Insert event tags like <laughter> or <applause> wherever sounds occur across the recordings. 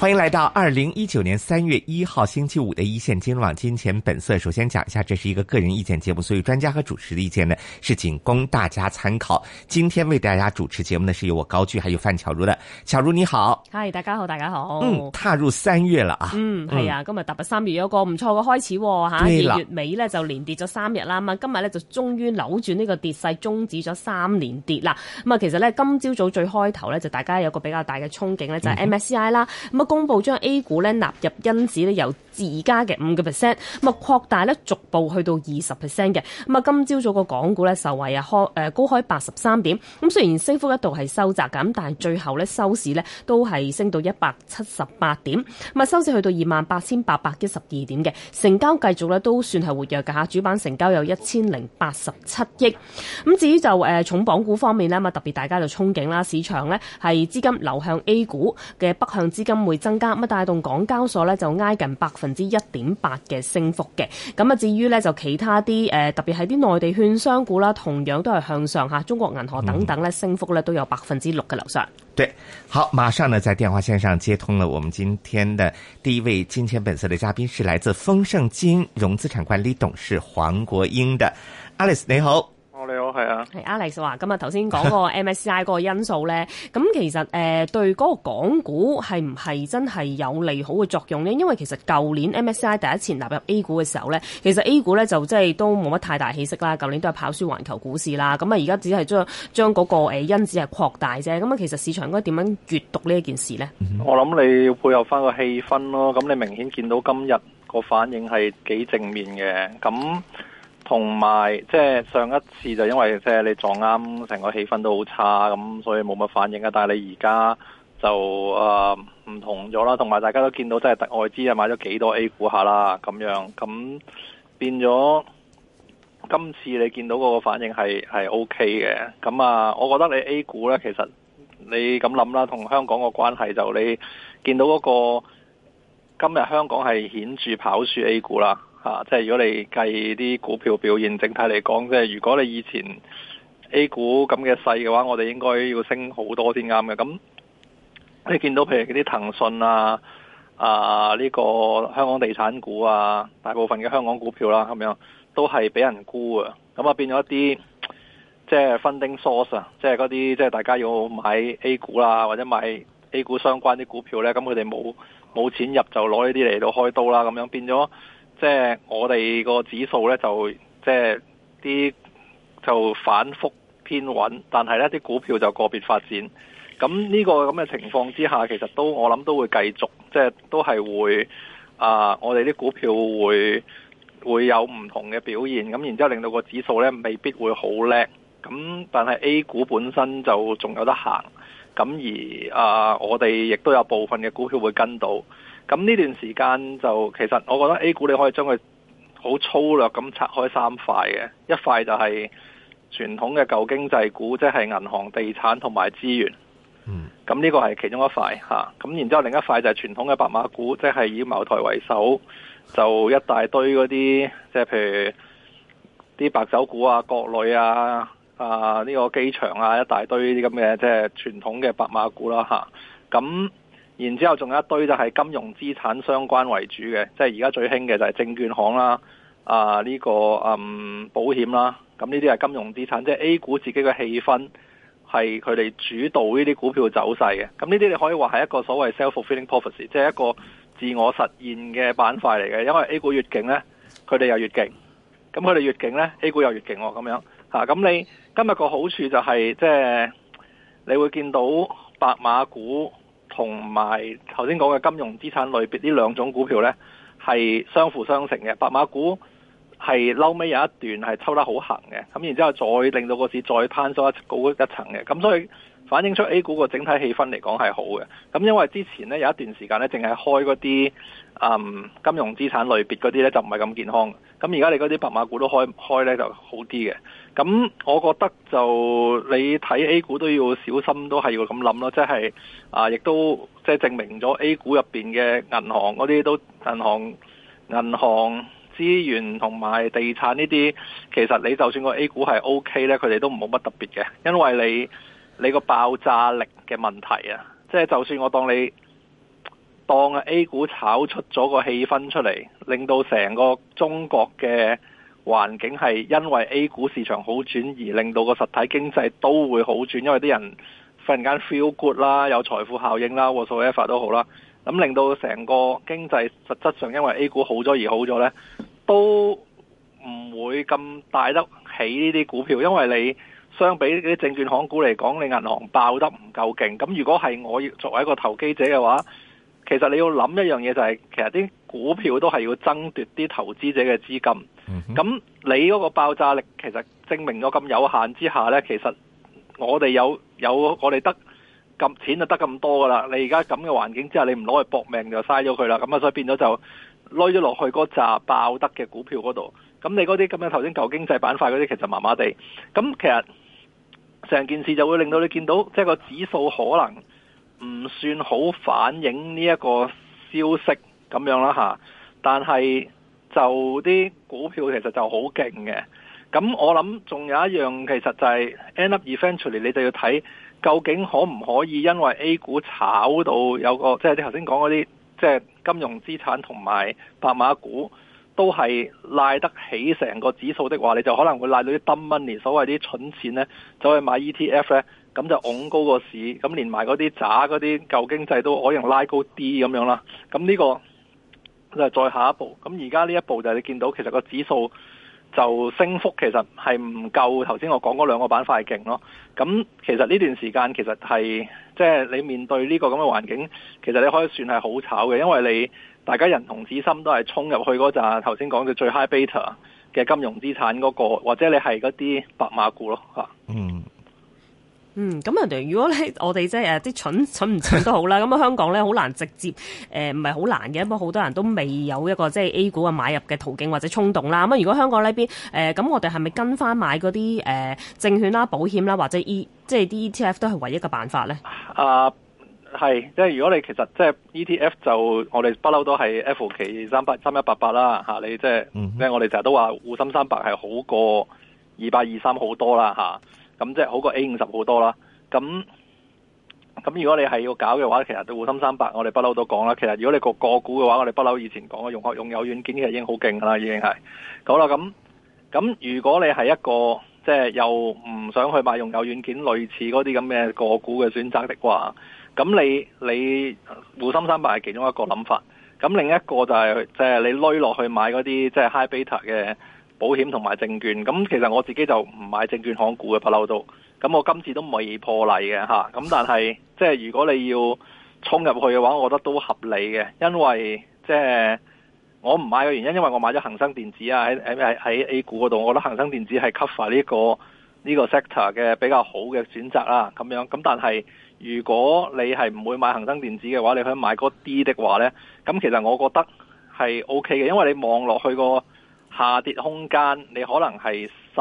歡迎來到二零一九年三月一號星期五的一線金融網金錢本色。首先講一下，這是一個個人意見節目，所以專家和主持的意見呢是僅供大家參考。今天為大家主持節目呢，是由我高居，還有范巧如的。巧如你好，嗨，大家好，大家好。嗯，踏入三月了啊。嗯，係啊，今日踏入三月有一個唔錯嘅開始，哦，吓二月，月尾呢，就連跌咗三日啦。嘛今日呢，就終於扭轉呢個跌勢，終止咗三連跌啦。咁、嗯、啊，其實呢，今朝早最開頭呢，就大家有個比較大嘅憧憬呢，就係 MSCI 啦，咁啊。公布將 A 股咧納入因子呢有，而家嘅五個 percent，咁啊擴大咧逐步去到二十 percent 嘅，咁啊今朝早個港股咧受惠啊開誒高開八十三點，咁雖然升幅一度係收窄嘅，咁但係最後咧收市咧都係升到一百七十八點，咁啊收市去到二萬八千八百一十二點嘅，成交繼續咧都算係活躍嘅吓，主板成交有一千零八十七億，咁至於就誒重磅股方面咧，啊特別大家就憧憬啦，市場咧係資金流向 A 股嘅北向資金會增加，咁帶動港交所咧就挨近百分。百分之一點八嘅升幅嘅，咁啊至於咧就其他啲誒特別係啲內地券商股啦，同樣都係向上吓，中國銀行等等咧升幅咧都有百分之六嘅樓上。對，好，馬上呢在電話線上接通了，我們今天的第一位金錢本色的嘉賓是來自豐盛金融資產管理董事黃國英的 Alice，你好。係 <noise> <noise> 啊，係啊，係 Alex 話，咁啊頭先講個 MSCI 嗰個因素咧，咁 <laughs> 其實誒、呃、對嗰個港股係唔係真係有利好嘅作用咧？因為其實舊年 MSCI 第一次納入 A 股嘅時候咧，其實 A 股咧就即係都冇乜太大氣息啦。舊年都係跑輸環球股市啦，咁啊而家只係將將嗰個誒因子係擴大啫。咁啊，其實市場應該點樣閱讀呢一件事咧 <noise> ？我諗你要配合翻個氣氛咯。咁你明顯見到今日個反應係幾正面嘅，咁。同埋，即係上一次就因為即係你撞啱成個氣氛都好差，咁所以冇乜反應啊。但係你而家就誒唔、呃、同咗啦，同埋大家都見到真係特外資啊買咗幾多 A 股下啦，咁樣咁變咗。今次你見到嗰個反應係係 OK 嘅，咁、OK、啊，我覺得你 A 股呢，其實你咁諗啦，同香港個關係就你見到嗰、那個今日香港係顯著跑輸 A 股啦。啊！即係如果你計啲股票表現，整體嚟講，即係如果你以前 A 股咁嘅勢嘅話，我哋應該要升好多先啱嘅。咁你見到譬如嗰啲騰訊啊、啊呢個香港地產股啊，大部分嘅香港股票啦，咁樣都係俾人沽啊。咁啊，變咗一啲即係 funding source 啊，即係嗰啲即係大家要買 A 股啦，或者買 A 股相關啲股票呢。咁佢哋冇冇錢入就攞呢啲嚟到開刀啦，咁樣變咗。即係我哋個指數呢，就即係啲就反覆偏穩，但係呢啲股票就個別發展。咁呢個咁嘅情況之下，其實都我諗都會繼續，即係都係會啊！我哋啲股票會會有唔同嘅表現。咁然之後令到個指數呢未必會好叻。咁但係 A 股本身就仲有得行。咁而啊，我哋亦都有部分嘅股票會跟到。咁呢段時間就其實，我覺得 A 股你可以將佢好粗略咁拆開三塊嘅，一塊就係傳統嘅舊經濟股，即係銀行、地產同埋資源。嗯，咁呢個係其中一塊嚇，咁，啊，然之後另一塊就係傳統嘅白馬股，即係以茅台為首，就一大堆嗰啲即係譬如啲白酒股啊、國旅啊、啊呢個機場啊，一大堆呢啲咁嘅即係傳統嘅白馬股啦，啊，嚇。咁，啊然之後仲有一堆就係金融資產相關為主嘅，即係而家最興嘅就係證券行啦，啊呢、啊、個嗯保險啦，咁呢啲係金融資產，即係 A 股自己嘅氣氛係佢哋主導呢啲股票走勢嘅。咁呢啲你可以話係一個所謂 self-fulfilling prophecy，即係一個自我實現嘅板塊嚟嘅。因為 A 股越勁呢，佢哋又越勁，咁佢哋越勁呢 A 股又越勁喎咁樣嚇。咁你今日個好處就係即係你會見到白馬股。同埋頭先講嘅金融資產類別呢兩種股票呢，係相輔相成嘅。白馬股係後尾有一段係抽得好行嘅，咁然之後再令到個市再攀升一高一層嘅。咁所以反映出 A 股個整體氣氛嚟講係好嘅。咁因為之前呢有一段時間呢淨係開嗰啲嗯金融資產類別嗰啲呢，就唔係咁健康。咁而家你嗰啲白馬股都開開呢就好啲嘅。咁我覺得就你睇 A 股都要小心，都係要咁諗咯，即係啊，亦都即係證明咗 A 股入邊嘅銀行嗰啲都銀行、銀行資源同埋地產呢啲，其實你就算個 A 股係 O K 呢，佢哋都唔冇乜特別嘅，因為你你個爆炸力嘅問題啊，即係就算我當你當 A 股炒出咗個氣氛出嚟，令到成個中國嘅。環境係因為 A 股市場好轉而令到個實體經濟都會好轉，因為啲人忽然間 feel good 啦，有財富效應啦，個數一發都好啦。咁令到成個經濟實質上因為 A 股好咗而好咗呢，都唔會咁帶得起呢啲股票，因為你相比啲證券行股嚟講，你銀行爆得唔夠勁。咁如果係我作為一個投機者嘅話，其實你要諗一樣嘢就係，其實啲股票都係要爭奪啲投資者嘅資金。咁你嗰個爆炸力其實證明咗咁有限之下呢，其實我哋有有我哋得咁錢就得咁多噶啦。你而家咁嘅環境之下，你唔攞嚟搏命就嘥咗佢啦。咁啊，所以變咗就攞咗落去嗰扎爆得嘅股票嗰度。咁你嗰啲咁嘅頭先舊經濟板塊嗰啲，其實麻麻地。咁其實成件事就會令到你見到，即係個指數可能唔算好反映呢一個消息咁樣啦吓。但係，就啲股票其實就好勁嘅，咁我諗仲有一樣其實就係 end up eventually 你就要睇究竟可唔可以因為 A 股炒到有個即係你頭先講嗰啲即係金融資產同埋白馬股都係拉得起成個指數的話，你就可能會拉到啲 dumb money 所謂啲蠢錢呢，走去買 ETF 呢，咁就拱高個市，咁連埋嗰啲渣嗰啲舊經濟都可能拉高啲咁樣啦，咁呢個。就再下一步，咁而家呢一步就係你見到其實個指數就升幅其實係唔夠頭先我講嗰兩個板塊係勁咯。咁其實呢段時間其實係即係你面對呢個咁嘅環境，其實你可以算係好炒嘅，因為你大家人同紙心都係衝入去嗰陣，頭先講嘅最 high beta 嘅金融資產嗰個，或者你係嗰啲白馬股咯、嚇、嗯。嗯，咁人哋，如果咧我哋即係誒啲蠢蠢唔蠢都好啦，咁啊香港咧好難直接誒唔係好難嘅，因為好多人都未有一個即係 A 股嘅買入嘅途徑或者衝動啦。咁、嗯、啊，如果香港呢邊誒咁，呃、我哋係咪跟翻買嗰啲誒證券啦、保險啦或者 E 即係啲 ETF 都係唯一嘅辦法咧？啊、呃，係即係如果你其實即係 ETF 就我哋不嬲都係 f 期三百三一八八啦吓，你即係、嗯、即係我哋成日都話滬深三百係好過二八二三好多啦吓。啊咁即係好過 A 五十好多啦。咁咁如果你係要搞嘅話，其實對滬深三百我哋不嬲都講啦。其實如果你個個股嘅話，我哋不嬲以前講嘅用學用友軟件其實已經好勁㗎啦，已經係。好啦，咁咁如果你係一個即係、就是、又唔想去買用友軟件類似嗰啲咁嘅個股嘅選擇的話，咁你你滬深三百係其中一個諗法。咁另一個就係即係你攞落去買嗰啲即係 high beta 嘅。保險同埋證券，咁其實我自己就唔買證券行股嘅不嬲都，咁我今次都未破例嘅吓，咁但係即係如果你要衝入去嘅話，我覺得都合理嘅，因為即係我唔買嘅原因，因為我買咗恒生電子啊喺喺喺 A 股嗰度，我覺得恒生電子係 cover 呢個呢個 sector 嘅比較好嘅選擇啦咁樣。咁但係如果你係唔會買恒生電子嘅話，你可以買嗰啲的話呢，咁其實我覺得係 OK 嘅，因為你望落去個下跌空間，你可能係十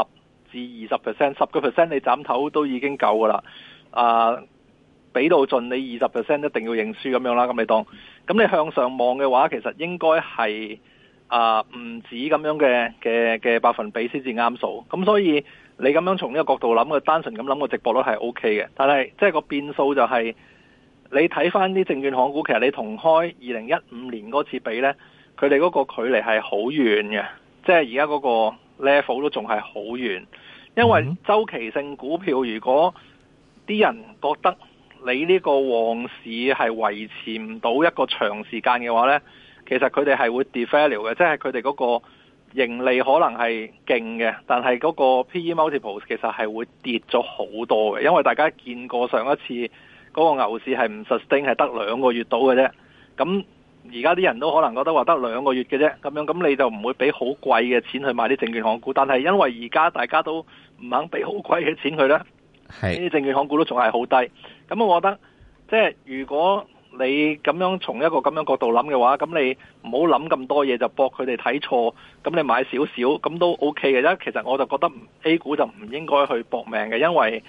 至二十 percent，十個 percent 你斬頭都已經夠噶啦。啊，俾到盡你二十 percent，一定要認輸咁樣啦。咁你當，咁你向上望嘅話，其實應該係啊唔止咁樣嘅嘅嘅百分比先至啱數。咁所以你咁樣從呢個角度諗，佢單純咁諗個值博率係 OK 嘅。但係即係個變數就係、是，你睇翻啲證券行股，其實你同開二零一五年嗰次比呢，佢哋嗰個距離係好遠嘅。即係而家嗰個 level 都仲係好遠，因為周期性股票如果啲人覺得你呢個旺市係維持唔到一個長時間嘅話呢，其實佢哋係會 deferred 嘅，即係佢哋嗰個盈利可能係勁嘅，但係嗰個 P/E multiple 其實係會跌咗好多嘅，因為大家見過上一次嗰個牛市係唔 sustain 係得兩個月到嘅啫，咁。而家啲人都可能覺得話得兩個月嘅啫，咁樣咁你就唔會俾好貴嘅錢去買啲證券行股，但係因為而家大家都唔肯俾好貴嘅錢佢，呢啲證券行股都仲係好低。咁我覺得，即係如果你咁樣從一個咁樣角度諗嘅話，咁你唔好諗咁多嘢，就搏佢哋睇錯，咁你買少少咁都 OK 嘅啫。其實我就覺得 A 股就唔應該去搏命嘅，因為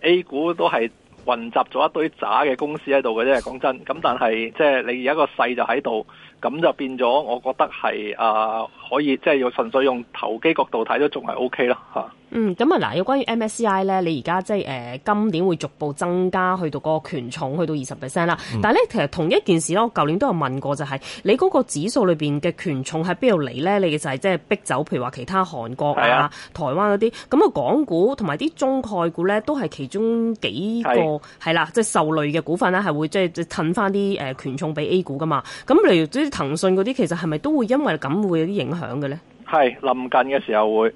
A 股都係。混集咗一堆渣嘅公司喺度嘅啫，講真。咁但係即係你而家個勢就喺度，咁就變咗，我覺得係啊，可以即係要純粹用投機角度睇都仲係 O K 咯吓。啊嗯，咁啊嗱，有關於 MSCI 咧，你而家即係、呃、今年會逐步增加去到個權重，去到二十 percent 啦。但係咧，其實同一件事咯，我舊年都有問過就係、是，你嗰個指數裏面嘅權重喺邊度嚟咧？你嘅就係即係逼走，譬如話其他韓國啊、啊台灣嗰啲，咁啊，港股同埋啲中概股咧，都係其中幾個係啦，即係受累嘅股份咧，係會即係褪翻啲誒權重俾 A 股噶嘛。咁例如啲騰訊嗰啲，其實係咪都會因為咁會有啲影響嘅咧？係臨近嘅時候會。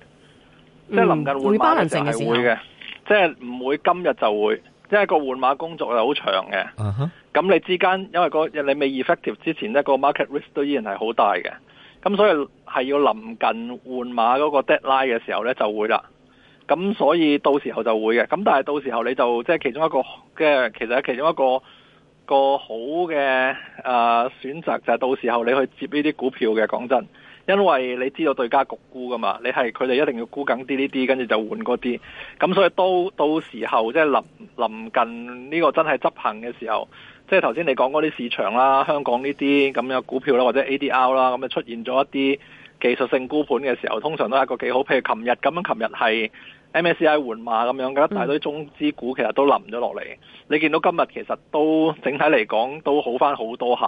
嗯、即係臨近換馬嘅係會嘅，即係唔會今日就會，即係個換馬工作係好長嘅。咁、uh -huh. 你之間因為、個你未 effective 之前呢、呢個 market risk 都依然係好大嘅。咁所以係要臨近換馬嗰個 deadline 嘅時候呢就會啦。咁所以到時候就會嘅。咁但係到時候你就即係其中一個嘅，其實係其中一個一個好嘅、呃、選擇，就係到時候你去接呢啲股票嘅。講真。因為你知道對家焗沽㗎嘛，你係佢哋一定要沽緊啲呢啲，跟住就換嗰啲。咁所以都到時候即係、就是、臨臨近呢個真係執行嘅時候，即係頭先你講嗰啲市場啦、香港呢啲咁嘅股票啦，或者 A D R 啦，咁就出現咗一啲技術性沽盤嘅時候，通常都係一個幾好。譬如琴日咁樣，琴日係 M S I 換碼咁樣，一大堆中資股其實都冧咗落嚟。你見到今日其實都整體嚟講都好返好多下。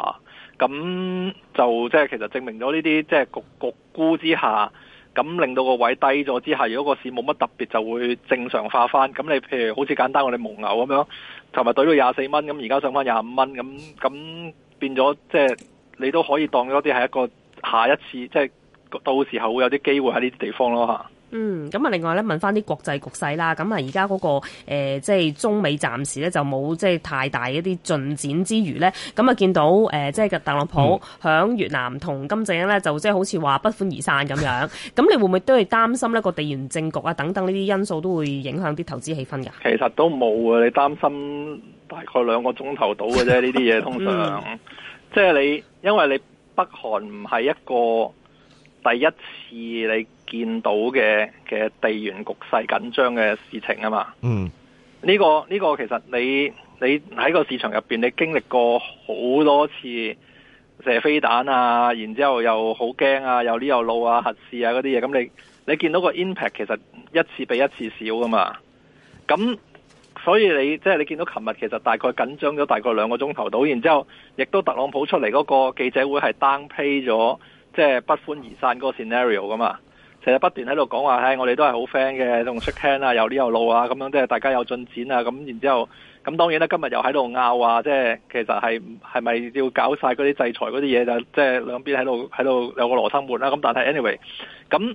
咁就即係其實證明咗呢啲即係局局沽之下，咁令到個位低咗之下，如果個市冇乜特別，就會正常化翻。咁你譬如好似簡單我哋蒙牛咁樣，尋日對到廿四蚊，咁而家上翻廿五蚊，咁咁變咗即係你都可以當咗啲係一個下一次，即係到時候會有啲機會喺呢啲地方咯吓。嗯，咁啊，另外咧，問翻啲國際局勢啦。咁啊、那個，而家嗰個誒，即係中美暫時咧就冇即係太大一啲進展之餘咧，咁啊，見到誒、呃，即係特朗普響越南同金正恩咧，就即係好似話不歡而散咁樣。咁你會唔會都係擔心呢個地緣政局啊等等呢啲因素都會影響啲投資氣氛噶？其實都冇啊，你擔心大概兩個鐘頭到嘅啫。呢啲嘢通常 <laughs> 嗯、即係你因為你北韓唔係一個。第一次你見到嘅嘅地緣局勢緊張嘅事情啊嘛、這個，嗯，呢個呢個其實你你喺個市場入邊，你經歷過好多次射飛彈啊，然之後又好驚啊，又呢又路啊核試啊嗰啲嘢，咁你你見到個 impact 其實一次比一次少㗎嘛，咁所以你即係、就是、你見到琴日其實大概緊張咗大概兩個鐘頭到，然之後亦都特朗普出嚟嗰個記者會係 downplay 咗。即係不歡而散嗰個 scenario 㗎嘛，成日不斷喺度講話，唉、哎，我哋都係好 friend 嘅，同 shake hand 有呢有路啊，咁樣即係大家有進展啊，咁然之後，咁當然啦，今日又喺度拗啊，即係其實係咪要搞晒嗰啲制裁嗰啲嘢就即、是、係兩邊喺度喺度有個羅生門啦。咁但係 anyway，咁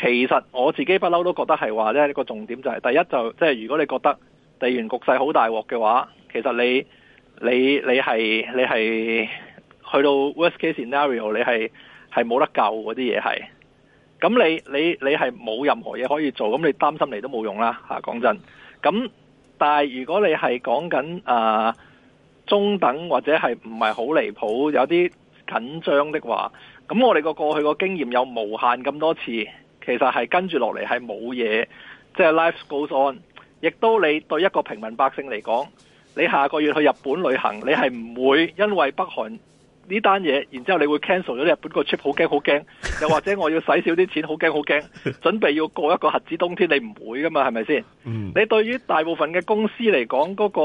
其實我自己不嬲都覺得係話咧，呢個重點就係、是、第一就即、是、係如果你覺得地緣局勢好大鑊嘅話，其實你你你係你係。你去到 worst case scenario，你係係冇得救嗰啲嘢係，咁你你你係冇任何嘢可以做，咁你擔心你都冇用啦嚇。講真，咁但係如果你係講緊啊中等或者係唔係好離譜，有啲緊張的話，咁我哋個過去個經驗有無限咁多次，其實係跟住落嚟係冇嘢，即係 life goes on。亦都你對一個平民百姓嚟講，你下個月去日本旅行，你係唔會因為北韓。呢單嘢，然之後你會 cancel 咗日本個 trip，好驚好驚。又或者我要使少啲錢，好驚好驚。準備要過一個核子冬天，你唔會噶嘛，係咪先？Mm. 你對於大部分嘅公司嚟講，嗰個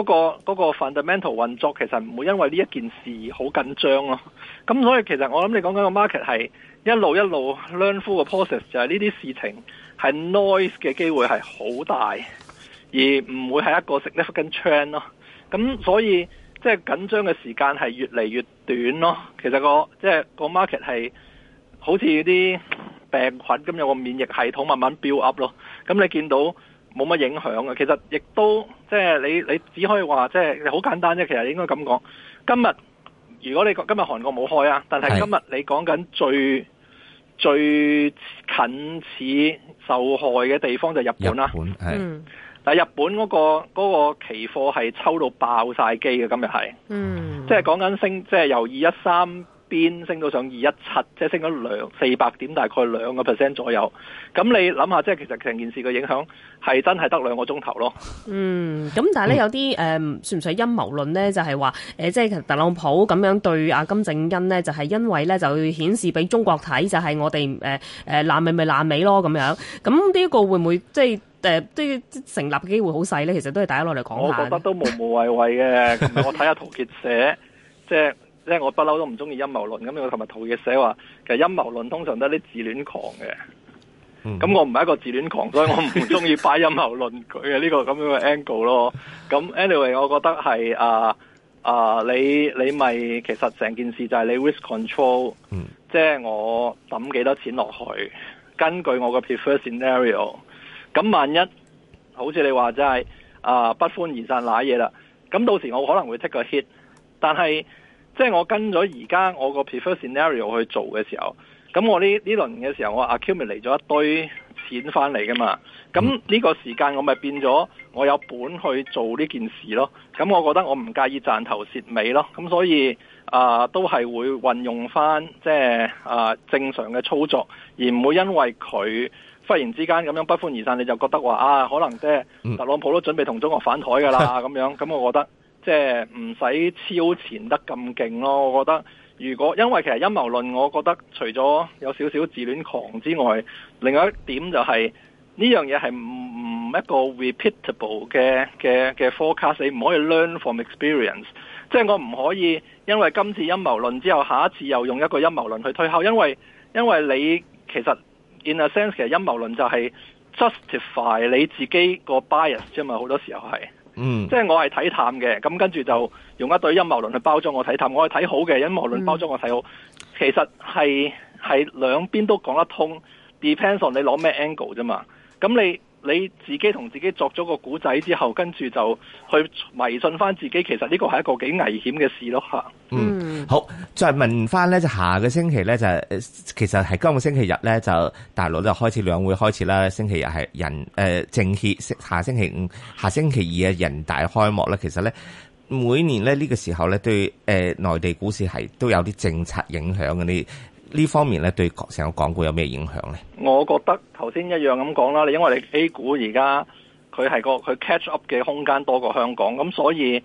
嗰個嗰個 fundamental 運作其實唔會因為呢一件事好緊張咯。咁所以其實我諗你講緊個 market 係一路一路 learn from 嘅 process，就係呢啲事情係 noise 嘅機會係好大，而唔會係一個 significant trend 咯。咁所以。即係緊張嘅時間係越嚟越短咯，其實個即係個 market 係好似啲病菌咁，有個免疫系統慢慢 build up 咯。咁你見到冇乜影響嘅，其實亦都即係你你只可以話即係好簡單啫。其實應該咁講，今日如果你今日韓國冇開啊，但係今日你講緊最最近似受害嘅地方就日本啦。日本但日本嗰、嗰個嗰、嗰個、期貨係抽到爆晒機嘅，今日係，嗯，即係講緊升，即係由二一三邊升到上二一七，即係升咗兩四百點，大概兩個 percent 左右。咁你諗下，即係其實成件事嘅影響係真係得兩個鐘頭咯。嗯，咁但係咧有啲誒算唔算陰謀論咧，就係、係、話即係特朗普咁樣對阿金正恩呢，就係、係、因為咧就會顯示俾中國睇，就係、係、我哋誒誒爛尾咪爛尾咯咁樣。咁呢個個會唔會即係？誒、呃，啲成立嘅機會好細咧，其實都係大家落嚟講，我覺得都無無謂謂嘅。 <laughs> 我睇下陶傑寫，即、就、即、是就是、我不嬲都唔中意陰謀論咁。我琴日陶傑寫話，其實陰謀論通常都係啲自戀狂嘅。咁、嗯、我唔係一個自戀狂，所以我唔中意擺陰謀論佢嘅呢個咁樣嘅 angle 咯。咁 anyway，我覺得係啊啊，你你咪其實成件事就係你 risk control，即、嗯、係、就是、我抌幾多錢落去，根據我嘅 preferred scenario。咁萬一好似你話真係，啊，不歡而散瀨嘢啦，咁到時我可能會 take 個 hit，但係即係我跟咗而家我個 preferred scenario 去做嘅時候，咁我呢，呢輪嘅時候我 accumulate 咗一堆錢翻嚟噶嘛，咁呢個時間我咪變咗我有本去做呢件事咯，咁我覺得我唔介意賺頭蝕尾咯，咁所以啊都係會運用翻即係啊正常嘅操作，而唔會因為佢。忽然之間咁樣不歡而散，你就覺得話啊，可能即係特朗普都準備同中國反台㗎啦咁樣。咁我覺得即係唔使超前得咁勁咯。我覺得如果因為其實陰謀論，我覺得除咗有少少自戀狂之外，另外一點就係呢樣嘢係唔一個 repeatable 嘅嘅嘅 forecast，你唔可以 learn from experience。即係我唔可以因為今次陰謀論之後，下一次又用一個陰謀論去推敲，因為因為你其實。In a sense，其實陰謀論就係 justify 你自己個 bias 啫嘛，好多時候係，嗯、mm.，即係我係睇淡嘅，咁跟住就用一堆陰謀論去包裝我睇淡，我係睇好嘅陰謀論包裝我睇好，mm. 其實係係兩邊都講得通，depends on 你攞咩 angle 啫嘛，咁你。你自己同自己作咗個古仔之後，跟住就去迷信翻自己，其實呢個係一個幾危險嘅事咯吓。嗯，好，再問翻呢，就下個星期呢，就，其實係今個星期日呢，就大陸就開始兩會開始啦。星期日係人誒、呃、政協，下星期五、下星期二係人大開幕咧。其實呢，每年呢，呢、呢個時候呢，對誒、呃、內地股市係都有啲政策影響嗰啲。呢方面咧，對成個港股有咩影響呢？我覺得頭先一樣咁講啦，你因為你 A 股而家佢係個佢 catch up 嘅空間多過香港，咁所以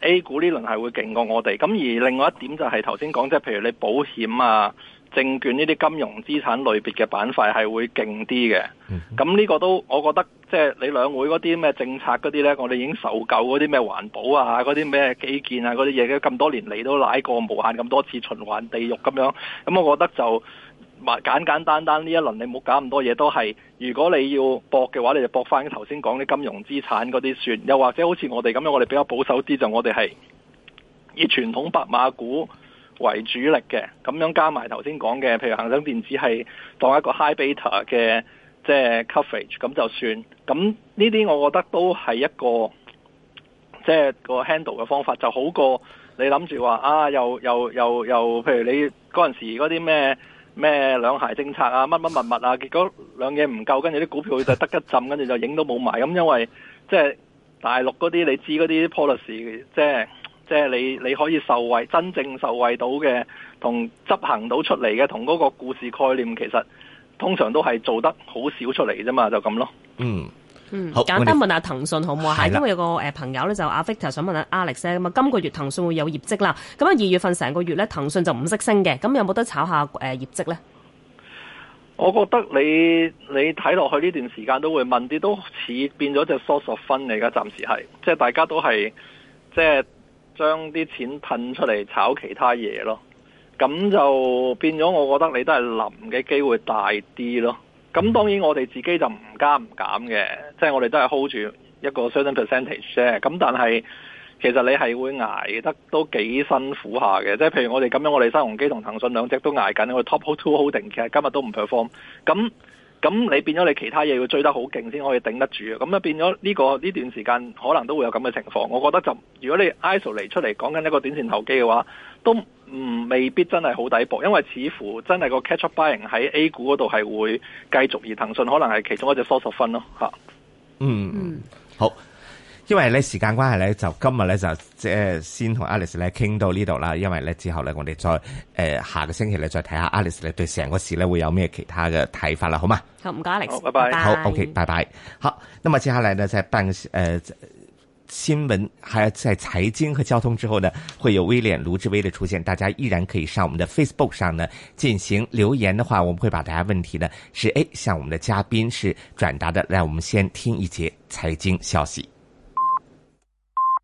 A 股呢輪係會勁過我哋。咁而另外一點就係頭先講，即係譬如你保險啊。證券呢啲金融資產類別嘅板塊係會勁啲嘅，咁呢個都我覺得即係你兩會嗰啲咩政策嗰啲呢，我哋已經受夠嗰啲咩環保啊、嗰啲咩基建啊嗰啲嘢，咁多年嚟都拉過無限咁多次循環地獄咁樣，咁我覺得就簡簡簡單單呢一輪你冇搞咁多嘢都係，如果你要搏嘅話，你就搏翻頭先講啲金融資產嗰啲算，又或者好似我哋咁樣，我哋比較保守啲，就我哋係以傳統白馬股為主力嘅，咁樣加埋頭先講嘅，譬如恆生電子係當一個 high beta 嘅即係 coverage，咁就算。咁呢啲我覺得都係一個即係個 handle 嘅方法，就好過你諗住話啊，又又又又，譬如你嗰陣時嗰啲咩咩兩孩政策啊，乜乜物物啊，結果兩嘢唔夠，跟住啲股票就得一浸，跟住就影到冇埋。咁因為即係大陸嗰啲你知嗰啲 policy 即係。即係你你可以受惠，真正受惠到嘅同執行到出嚟嘅，同嗰個故事概念，其實通常都係做得好少出嚟啫嘛，就咁咯。嗯嗯，好，簡單問下騰訊好唔好啊？係因為有個誒朋友咧就阿 Victor 想問下 Alex 啊，咁啊，今個月騰訊會有業績啦。咁啊，二月份成個月咧騰訊就唔識升嘅，咁有冇得炒下誒、呃、業績咧？我覺得你你睇落去呢段時間都會問啲，都似變咗隻 source of fun 嚟嘅，暫時係，即係大家都係即係。將啲錢噴出嚟炒其他嘢咯，咁就變咗。我覺得你都係冧嘅機會大啲咯。咁當然我哋自己就唔加唔減嘅，即係我哋都係 hold 住一個 certain percentage 啫。咁但係其實你係會捱得都幾辛苦下嘅。即係譬如我哋咁樣，我哋新鴻基同騰訊兩隻都捱緊，我哋 top two holding 其實今日都唔 perform 咁。咁你變咗你其他嘢要追得好勁先可以頂得住啊！咁啊變咗呢、這個呢段時間可能都會有咁嘅情況。我覺得就如果你 isolate 嚟，出嚟講緊一個短線投機嘅話，都唔未必真係好抵博，因為似乎真係個 catch up buying 喺 A 股嗰度係會繼續，而騰訊可能係其中一隻 source of fund 咯吓。嗯，好。因為咧時間關係咧，就今日咧就即係、呃、先同 Alex 咧傾到呢度啦。因為咧之後咧，我哋再誒、呃、下個星期咧再睇下 Alex 咧對成個事咧會有咩其他嘅睇法啦，好嗎？好，唔該 Alex 好，拜拜。好，OK，拜拜。好，那麼接下來呢在辦誒、呃、新聞，還有在財經和交通之後呢，會有威廉盧志威的出現。大家依然可以上我們的 Facebook 上呢進行留言。的話，我們會把大家問題呢是誒向我們的嘉賓是轉達的。來我們先聽一節財經消息。